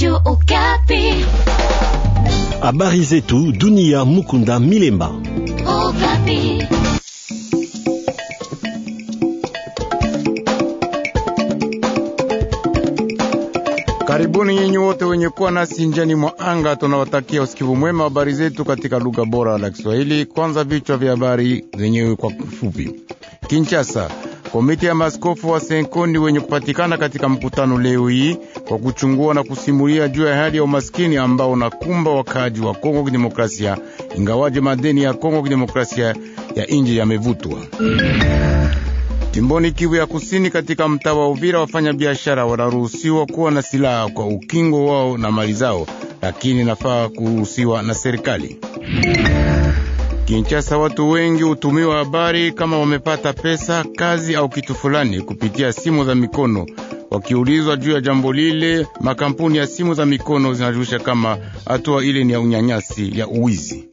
Radio Okapi. Habari zetu dunia, Mukunda Milemba. Okapi. Karibuni nyinyi wote wenye kuwa nasi njani mwa anga, tunawatakia usikivu mwema habari zetu katika lugha bora la Kiswahili. Kwanza vichwa vya habari zenyewe kwa kifupi. Kinshasa, komiti ya maskofu wa Senkoni wenye kupatikana katika mkutano leo hii kwa kuchungua na kusimulia juu ya hali ya umaskini ambao unakumba wakaaji wa Kongo Kidemokrasia, ingawaje madeni ya Kongo Kidemokrasia ya nje yamevutwa. Jimboni Kivu ya Kusini, katika mtaa wa Uvira, wafanyabiashara wanaruhusiwa kuwa na silaha kwa ukingo wao na mali zao, lakini nafaa kuruhusiwa na serikali. kinchasa watu wengi hutumiwa habari kama wamepata pesa, kazi au kitu fulani kupitia simu za mikono Wakiulizwa juu ya jambo lile, makampuni ya simu za mikono zinajulisha kama hatua ile ni ya unyanyasi ya uwizi.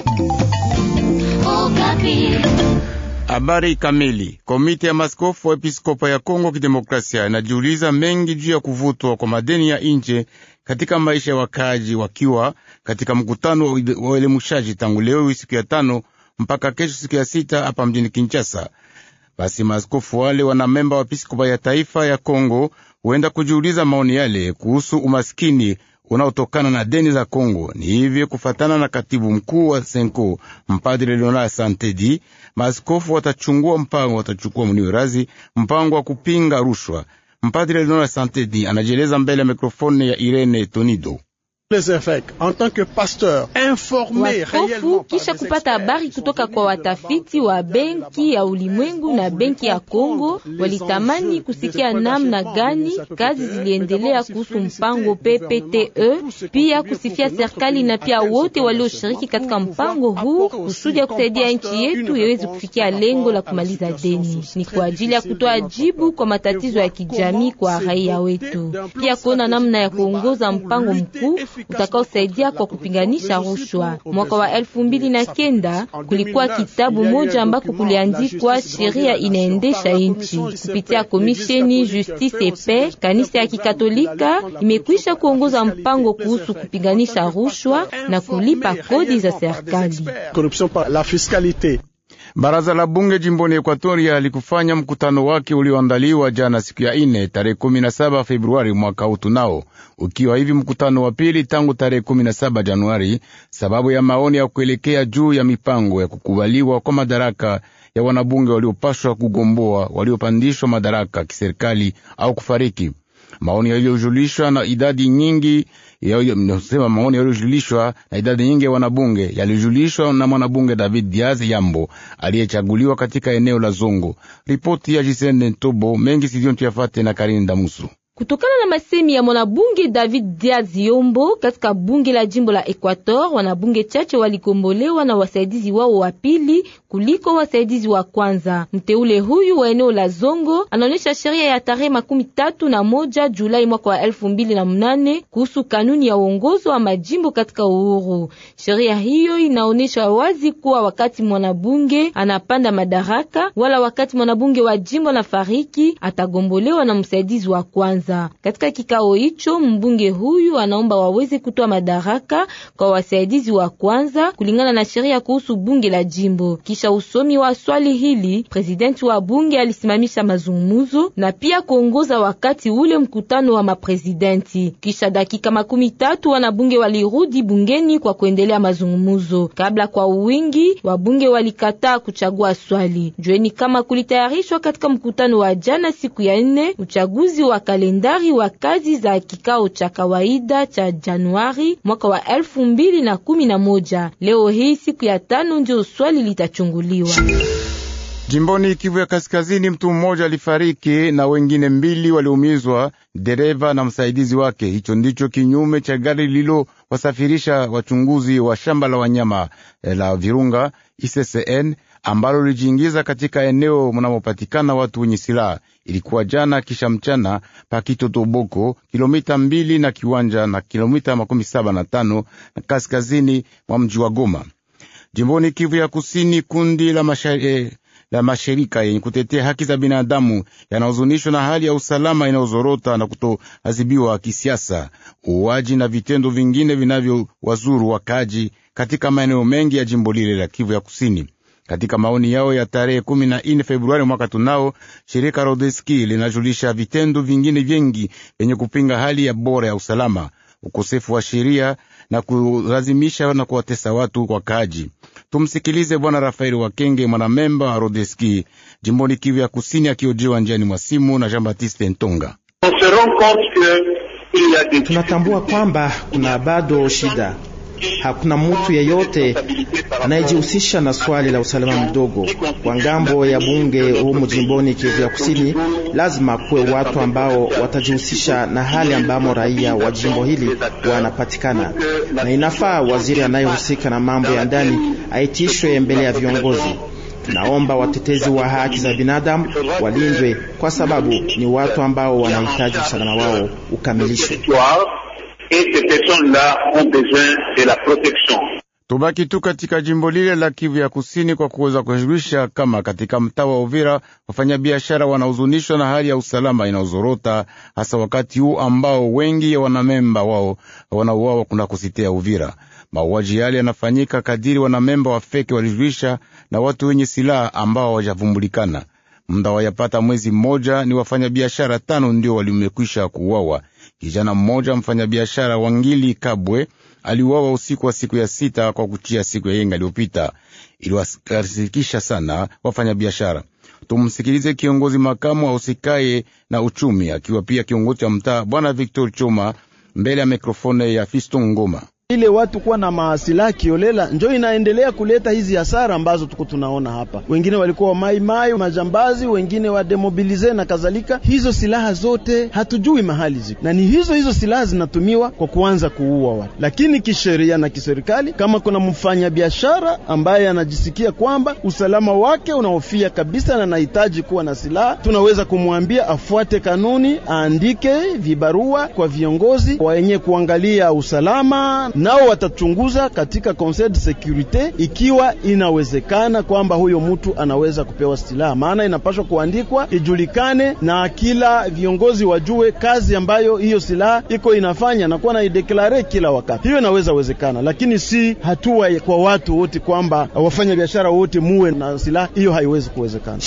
Habari kamili. Komiti ya maskofu wa episkopa ya Kongo Kidemokrasia inajiuliza mengi juu ya kuvutwa kwa madeni ya nje katika maisha ya wakaaji, wakiwa katika mkutano wa uelemushaji tangu leo siku ya tano mpaka kesho siku ya sita hapa mjini Kinshasa. Basi maaskofu wale wana memba wa piskopa ya taifa ya Kongo huenda kujiuliza maoni yale kuhusu umaskini unaotokana na deni za Kongo. Ni hivyo kufatana na katibu mkuu wa Senko Mpadre Leonard Santedi, maaskofu watachungua mpango, watachukua mniwe razi mpango wa kupinga rushwa. Mpadre Leonard Santedi anajieleza mbele ya mikrofoni ya Irene Tonido. Waskofu kisha kupata habari kutoka kwa watafiti wa Benki ya Ulimwengu na Benki ya Kongo walitamani kusikia namna gani kazi ziliendelea kuhusu mpango PPTE, e, pia kusifia serikali na pia wote walioshiriki katika mpango huu kusudi ya kusaidia nchi yetu iweze kufikia lengo la kumaliza deni. Ni kwa ajili ya kutoa jibu kwa matatizo ya kijamii kwa raia wetu, pia kuona namna ya kuongoza mpango mkuu utakaosaidia kwa kupinganisha rushwa. Mwaka wa elfu mbili na kenda kulikuwa kitabu moja ambako kuliandikwa sheria inaendesha nchi kupitia komisheni Justice Epe. Kanisa ya Kikatolika imekwisha kuongoza mpango kuhusu kupiganisha rushwa na kulipa kodi za serikali. Baraza la bunge jimboni ekwatoria likufanya mkutano wake ulioandaliwa jana siku ya ine tarehe 17 Februari mwaka nao ukiwa hivi mkutano wa pili tangu tarehe 17 Januari, sababu ya maoni ya kuelekea juu ya mipango ya kukubaliwa kwa madaraka ya wanabunge waliopashwa kugomboa waliopandishwa madaraka kiserikali au kufariki. Maoni yaliyojulishwa na idadi nyingi yaosema maoni yaliyojulishwa na idadi nyingi ya wanabunge yalijulishwa na mwanabunge David Diaz Yambo aliyechaguliwa katika eneo la Zongo. Ripoti ya Jisene Ntobo mengi Sidiontu Yafate na karini damusu Kutokana na masemi ya mwanabunge David Diaz Yombo katika bunge la jimbo la Equator, wanabunge chache walikombolewa na wasaidizi wao wa pili kuliko wasaidizi wa kwanza. Mteule huyu wa eneo la Zongo anaonyesha sheria ya tarehe makumi tatu na moja Julai mwaka wa elfu mbili na mnane kuhusu kanuni ya uongozo wa majimbo katika uhuru. Sheria hiyo inaonyesha wazi kuwa wakati mwanabunge anapanda madaraka wala wakati mwanabunge wa jimbo na fariki atagombolewa na msaidizi wa kwanza kwanza. Katika kikao hicho, mbunge huyu anaomba waweze kutoa madaraka kwa wasaidizi wa kwanza kulingana na sheria kuhusu bunge la jimbo. Kisha usomi wa swali hili, presidenti wa bunge alisimamisha mazungumzo na pia kuongoza wakati ule mkutano wa mapresidenti. Kisha dakika makumi tatu wanabunge walirudi bungeni kwa kuendelea mazungumzo. Kabla kwa wingi wabunge walikataa kuchagua swali. Jueni kama kulitayarishwa katika mkutano wa jana siku ya nne uchaguzi wa kalenda kalendari wa kazi za kikao cha kawaida cha Januari mwaka wa elfu mbili na kumi na moja. Leo hii siku ya tano ndio swali litachunguliwa. Jimboni Kivu ya Kaskazini, mtu mmoja alifariki na wengine mbili waliumizwa, dereva na msaidizi wake. Hicho ndicho kinyume cha gari lililowasafirisha wachunguzi wa shamba la wanyama la Virunga ISSN ambalo lilijiingiza katika eneo mnamopatikana watu wenye silaha. Ilikuwa jana kisha mchana Pakitotoboko, kilomita mbili na kiwanja na kilomita makumi saba na tano kaskazini mwa mji wa Goma, jimboni Kivu ya Kusini. Kundi la mashare, eh, la mashirika yenye kutetea haki za binadamu yanahuzunishwa na hali ya usalama inayozorota na kutoadhibiwa kisiasa, uuaji na vitendo vingine vinavyowazuru wakaji katika maeneo mengi ya jimbo lile la Kivu ya Kusini. Katika maoni yao ya tarehe 14 Februari mwaka tunao, shirika Rodeski linajulisha vitendo vingine vyengi vyenye kupinga hali ya bora ya usalama, ukosefu wa sheria na kulazimisha na kuwatesa watu kwa kaji. Tumsikilize Bwana Rafaeli Wakenge, mwanamemba wa Rodeski jimboni Kivu ya Kusini, akiojiwa njiani mwa simu na Jean Baptiste Ntonga. Tunatambua kwamba kuna bado shida hakuna mtu yeyote anayejihusisha na swali la usalama mdogo kwa ngambo ya bunge humu jimboni Kivu ya Kusini. Lazima kuwe watu ambao watajihusisha na hali ambamo raia wa jimbo hili wanapatikana, na inafaa waziri anayehusika na mambo ya ndani aitishwe mbele ya viongozi. Naomba watetezi wa haki za binadamu walindwe, kwa sababu ni watu ambao wanahitaji usalama wao ukamilishwe et ces personnes-là ont besoin de la protection. Tubaki tu katika jimbo lile la Kivu ya Kusini kwa kuweza kujulisha kama katika mtaa wa Uvira wafanyabiashara wanahuzunishwa na hali ya usalama inayozorota hasa wakati huu ambao wengi ya wanamemba wao wanauawa kuna kusitea Uvira. Mauaji yale yanafanyika kadiri wanamemba wa feki walijulisha na watu wenye silaha ambao hawajavumbulikana muda wayapata mwezi mmoja. Ni wafanyabiashara tano ndio walimekwisha kuuawa Kijana mmoja mfanyabiashara wa ngili Kabwe aliuawa usiku wa siku ya sita kwa kuchia siku ya yenga aliyopita Iliwasikisha sana wafanyabiashara. Tumsikilize kiongozi makamu ausikaye na uchumi, akiwa pia kiongozi cha mtaa, Bwana Victor chuma mbele ya mikrofone ya Fisto Ngoma ile watu kuwa na maasila kiolela njo inaendelea kuleta hizi hasara ambazo tuko tunaona hapa. Wengine walikuwa wamaimai majambazi, wengine wademobilize na kadhalika. Hizo silaha zote hatujui mahali ziko, na ni hizo hizo silaha zinatumiwa kwa kuanza kuua watu. Lakini kisheria na kiserikali, kama kuna mfanyabiashara ambaye anajisikia kwamba usalama wake unahofia kabisa na anahitaji kuwa na silaha, tunaweza kumwambia afuate kanuni, aandike vibarua kwa viongozi wenye kuangalia usalama nao watachunguza katika Conseil de Securite ikiwa inawezekana kwamba huyo mtu anaweza kupewa silaha, maana inapaswa kuandikwa ijulikane, na kila viongozi wajue kazi ambayo hiyo silaha iko inafanya na kuwa naideklare kila wakati. Hiyo inaweza wezekana, lakini si hatua kwa watu wote kwamba wafanya biashara wote muwe na silaha, hiyo haiwezi kuwezekana.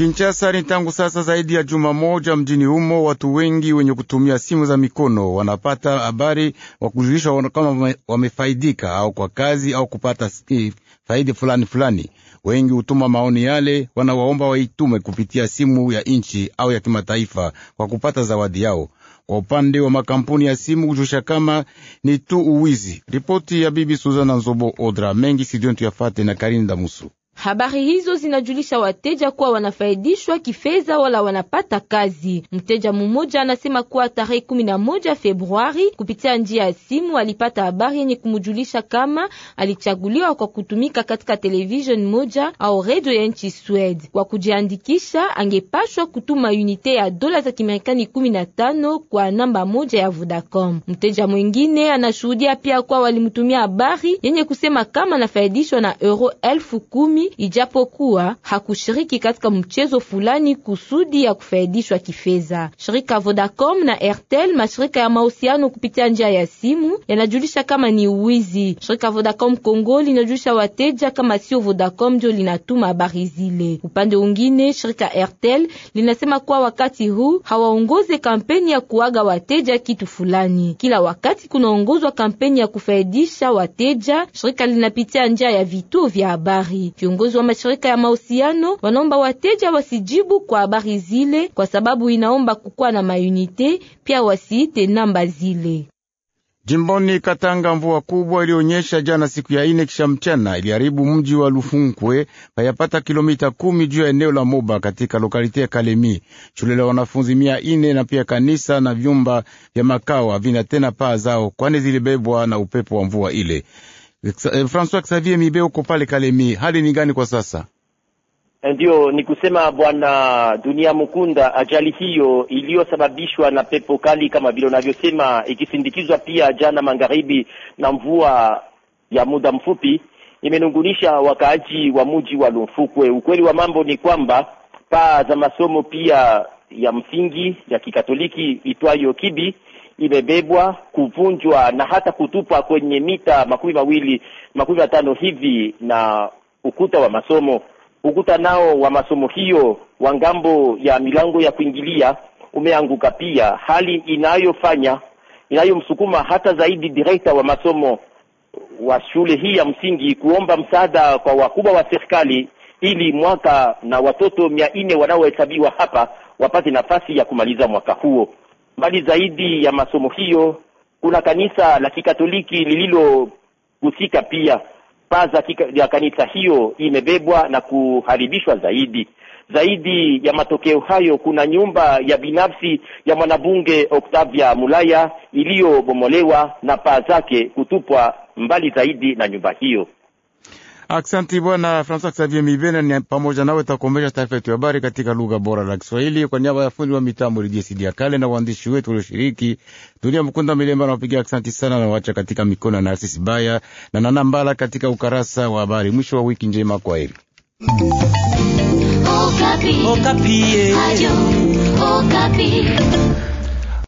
Kinshasa ni tangu sasa zaidi ya juma moja mjini humo, watu wengi wenye kutumia simu za mikono wanapata habari wa kujulishwa kama wamefaidika au kwa kazi au kupata eh, faidi fulani fulani. Wengi hutuma maoni yale wanawaomba waitume kupitia simu ya nchi au ya kimataifa kwa kupata zawadi yao. Kwa upande wa makampuni ya simu kujulisha kama ni tu uwizi. Ripoti ya bibi Suzana Nzobo Odra mengi sidiontu yafate na Karinda Musu Habari hizo zinajulisha wateja kuwa wanafaidishwa kifedha wala wanapata kazi. Mteja mmoja anasema kuwa tarehe 11 Februari, kupitia njia ya simu alipata habari yenye kumjulisha kama alichaguliwa kwa kutumika katika television moja au redio ya nchi Swede. Kwa kujiandikisha, angepashwa kutuma unite ya dola za Kimarekani 15 kwa namba moja ya Vodacom. Mteja mwingine anashuhudia pia kuwa walimtumia habari yenye kusema kama anafaidishwa na euro elfu kumi ijapokuwa hakushiriki katika mchezo fulani kusudi ya kufaidishwa kifedha. Shirika Vodacom na Airtel, mashirika ya mahusiano kupitia njia ya simu, yanajulisha kama ni uwizi. Shirika Vodacom Kongo linajulisha wateja kama sio Vodacom ndio linatuma habari zile. Upande ungine, shirika Airtel linasema kuwa wakati huu hawaongoze kampeni ya kuaga wateja kitu fulani. Kila wakati kunaongozwa kampeni ya kufaidisha wateja, shirika linapitia njia ya vituo vya habari. Viongozi wa mashirika ya mahusiano wanaomba wateja wasijibu kwa habari zile, kwa sababu inaomba kukuwa na maunite pia wasiite namba zile. Jimboni Katanga, mvua kubwa ilionyesha jana siku ya ine kisha mchana iliharibu mji wa Lufunkwe payapata kilomita kumi juu ya eneo la Moba katika lokalite ya Kalemi. Shule la wanafunzi mia ine na pia kanisa na vyumba vya makawa vina tena paa zao, kwani zilibebwa na upepo wa mvua ile. Eh, François Xavier Mibe, uko pale Kalemi, hali ni gani kwa sasa? Eh, ndio, ni kusema bwana Dunia Mukunda, ajali hiyo iliyosababishwa na pepo kali kama vile unavyosema, ikisindikizwa pia jana magharibi na mvua ya muda mfupi, imenungunisha wakaaji wa mji wa Lumfukwe. Ukweli wa mambo ni kwamba paa za masomo pia ya msingi ya Kikatoliki itwayo Kibi imebebwa kuvunjwa na hata kutupwa kwenye mita makumi mawili makumi matano hivi na ukuta wa masomo. Ukuta nao wa masomo hiyo wa ngambo ya milango ya kuingilia umeanguka pia, hali inayofanya inayomsukuma hata zaidi direkta wa masomo wa shule hii ya msingi kuomba msaada kwa wakubwa wa serikali ili mwaka na watoto mia nne wanaohesabiwa hapa wapate nafasi ya kumaliza mwaka huo. Mbali zaidi ya masomo hiyo, kuna kanisa la Kikatoliki lililohusika pia. Paa ya kanisa hiyo imebebwa na kuharibishwa zaidi. Zaidi ya matokeo hayo, kuna nyumba ya binafsi ya mwanabunge Octavia Mulaya iliyobomolewa na paa zake kutupwa mbali zaidi na nyumba hiyo. Aksanti Bwana Francois Xavier Mibena, ni pamoja nawe takuombesha taarifa yetu ya habari katika lugha bora la Kiswahili. Kwa niaba ya fundi wa mitambo Lidiesidi ya Kale na waandishi wetu walioshiriki, Dunia Mkunda Milemba nawapiga aksanti sana, nawacha katika mikono ya narsisi Baya na Nana Mbala katika ukarasa wa habari. Mwisho wa wiki njema, kwa heri. Okapi. Oh, Okapi. Oh, eh.